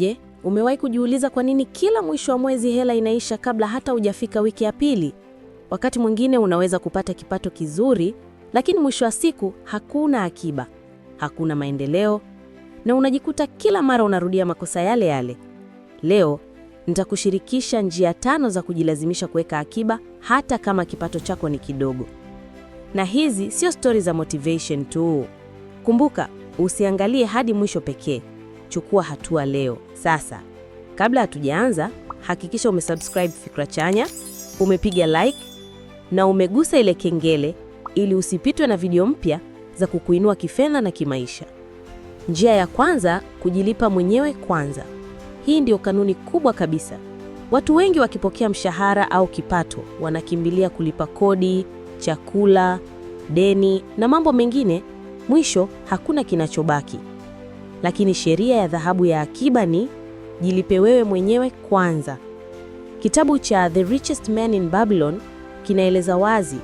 Je, umewahi kujiuliza kwa nini kila mwisho wa mwezi hela inaisha kabla hata hujafika wiki ya pili? Wakati mwingine unaweza kupata kipato kizuri, lakini mwisho wa siku hakuna akiba, hakuna maendeleo, na unajikuta kila mara unarudia makosa yale yale. Leo nitakushirikisha njia tano za kujilazimisha kuweka akiba hata kama kipato chako ni kidogo. Na hizi sio stori za motivation tu. Kumbuka, usiangalie hadi mwisho pekee chukua hatua leo. Sasa, kabla hatujaanza, hakikisha umesubscribe Fikra Chanya, umepiga like na umegusa ile kengele ili usipitwe na video mpya za kukuinua kifedha na kimaisha. Njia ya kwanza, kujilipa mwenyewe kwanza. Hii ndiyo kanuni kubwa kabisa. Watu wengi wakipokea mshahara au kipato, wanakimbilia kulipa kodi, chakula, deni na mambo mengine. Mwisho hakuna kinachobaki lakini sheria ya dhahabu ya akiba ni jilipe wewe mwenyewe kwanza. Kitabu cha The Richest Man in Babylon kinaeleza wazi,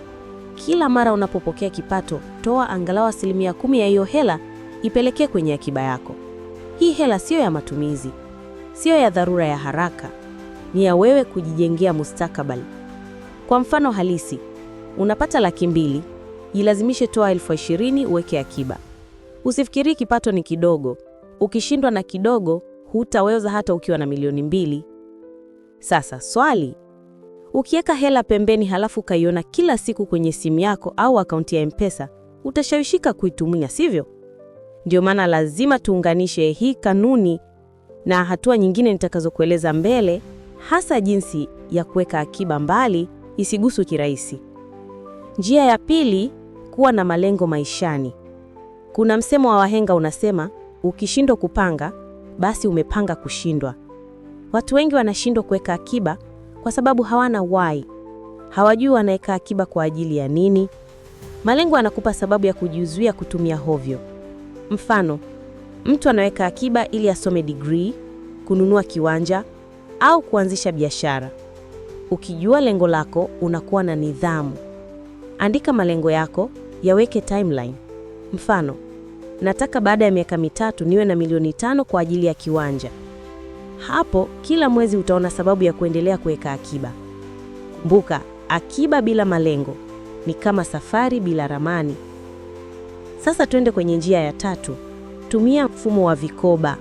kila mara unapopokea kipato, toa angalau asilimia kumi ya hiyo hela ipelekee kwenye akiba yako. Hii hela siyo ya matumizi, siyo ya dharura ya haraka, ni ya wewe kujijengea mustakabali. Kwa mfano halisi, unapata laki mbili, jilazimishe toa elfu ishirini uweke akiba. Usifikiri kipato ni kidogo, Ukishindwa na kidogo, hutaweza hata ukiwa na milioni mbili. Sasa swali, ukiweka hela pembeni halafu ukaiona kila siku kwenye simu yako au akaunti ya M-Pesa, utashawishika kuitumia, sivyo? Ndio maana lazima tuunganishe hii kanuni na hatua nyingine nitakazokueleza mbele, hasa jinsi ya kuweka akiba mbali isigusu kirahisi. Njia ya pili, kuwa na malengo maishani. Kuna msemo wa wahenga unasema Ukishindwa kupanga, basi umepanga kushindwa. Watu wengi wanashindwa kuweka akiba kwa sababu hawana why. Hawajui wanaweka akiba kwa ajili ya nini. Malengo anakupa sababu ya kujizuia kutumia hovyo. Mfano, mtu anaweka akiba ili asome degree, kununua kiwanja au kuanzisha biashara. Ukijua lengo lako, unakuwa na nidhamu. Andika malengo yako, yaweke timeline. Mfano, nataka baada ya miaka mitatu niwe na milioni tano kwa ajili ya kiwanja. Hapo kila mwezi utaona sababu ya kuendelea kuweka akiba. Kumbuka, akiba bila malengo ni kama safari bila ramani. Sasa twende kwenye njia ya tatu, tumia mfumo wa vikoba.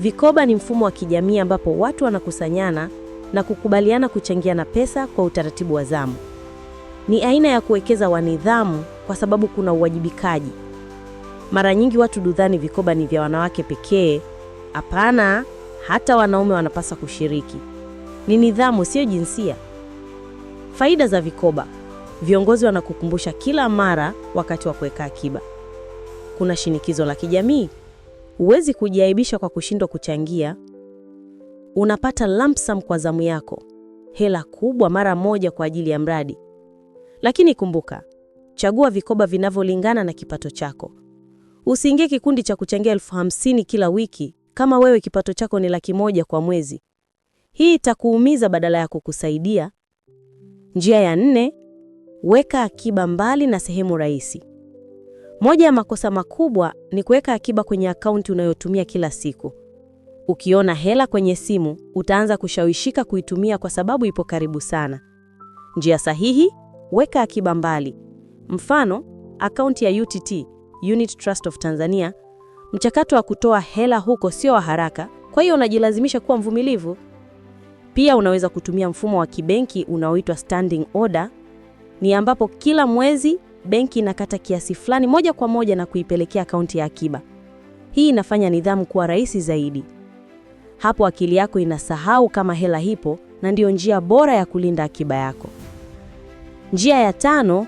Vikoba ni mfumo wa kijamii ambapo watu wanakusanyana na kukubaliana kuchangiana pesa kwa utaratibu wa zamu. Ni aina ya kuwekeza wa nidhamu kwa sababu kuna uwajibikaji. Mara nyingi watu dudhani vikoba ni vya wanawake pekee. Hapana, hata wanaume wanapaswa kushiriki. Ni nidhamu, sio jinsia. Faida za vikoba: viongozi wanakukumbusha kila mara wakati wa kuweka akiba. Kuna shinikizo la kijamii, huwezi kujiaibisha kwa kushindwa kuchangia. Unapata lump sum kwa zamu yako, hela kubwa mara moja kwa ajili ya mradi. Lakini kumbuka, chagua vikoba vinavyolingana na kipato chako. Usiingie kikundi cha kuchangia elfu hamsini kila wiki kama wewe kipato chako ni laki moja kwa mwezi. Hii itakuumiza badala ya kukusaidia. Njia ya nne, weka akiba mbali na sehemu rahisi. Moja ya makosa makubwa ni kuweka akiba kwenye akaunti unayotumia kila siku. Ukiona hela kwenye simu, utaanza kushawishika kuitumia kwa sababu ipo karibu sana. Njia sahihi, weka akiba mbali. Mfano, akaunti ya UTT Unit Trust of Tanzania, mchakato wa kutoa hela huko sio wa haraka, kwa hiyo unajilazimisha kuwa mvumilivu. Pia unaweza kutumia mfumo wa kibenki unaoitwa standing order, ni ambapo kila mwezi benki inakata kiasi fulani moja kwa moja na kuipelekea akaunti ya akiba. Hii inafanya nidhamu kuwa rahisi zaidi. Hapo akili yako inasahau kama hela hipo, na ndiyo njia bora ya kulinda akiba yako. Njia ya tano,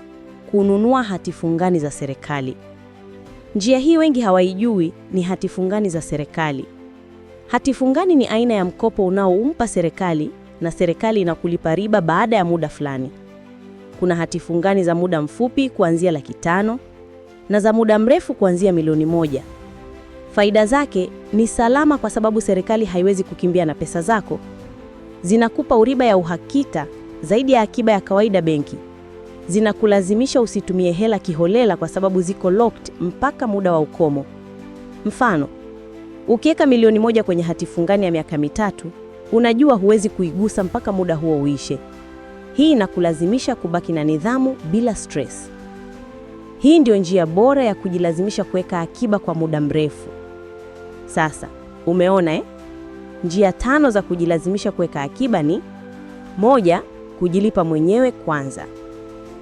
kununua hati fungani za serikali. Njia hii wengi hawaijui ni hati fungani za serikali. Hati fungani ni aina ya mkopo unaoumpa serikali na serikali inakulipa riba baada ya muda fulani. Kuna hati fungani za muda mfupi kuanzia laki tano na za muda mrefu kuanzia milioni moja. Faida zake ni salama kwa sababu serikali haiwezi kukimbia na pesa zako. Zinakupa uriba ya uhakika zaidi ya akiba ya kawaida benki zinakulazimisha usitumie hela kiholela kwa sababu ziko locked mpaka muda wa ukomo. Mfano, ukiweka milioni moja kwenye hati fungani ya miaka mitatu, unajua huwezi kuigusa mpaka muda huo uishe. Hii inakulazimisha kubaki na nidhamu bila stress. Hii ndio njia bora ya kujilazimisha kuweka akiba kwa muda mrefu. Sasa umeona eh? Njia tano za kujilazimisha kuweka akiba ni: moja, kujilipa mwenyewe kwanza.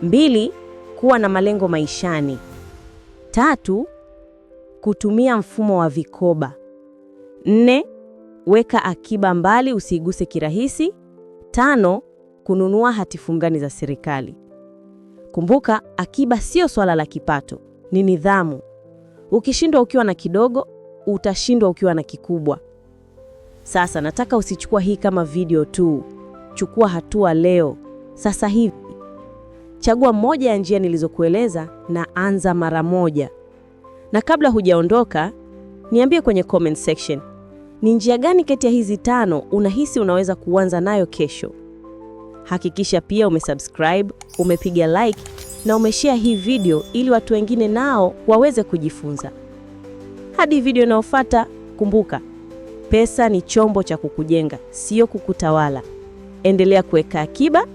Mbili, kuwa na malengo maishani. Tatu, kutumia mfumo wa vikoba. Nne, weka akiba mbali, usiiguse kirahisi. Tano, kununua hati fungani za serikali. Kumbuka, akiba sio swala la kipato, ni nidhamu. Ukishindwa ukiwa na kidogo, utashindwa ukiwa na kikubwa. Sasa nataka usichukua hii kama video tu. Chukua hatua leo, sasa hivi. Chagua moja ya njia nilizokueleza na anza mara moja. Na kabla hujaondoka, niambie kwenye comment section ni njia gani kati ya hizi tano unahisi unaweza kuanza nayo kesho. Hakikisha pia umesubscribe, umepiga like na umeshare hii video ili watu wengine nao waweze kujifunza. Hadi video inayofuata, kumbuka pesa ni chombo cha kukujenga, sio kukutawala. Endelea kuweka akiba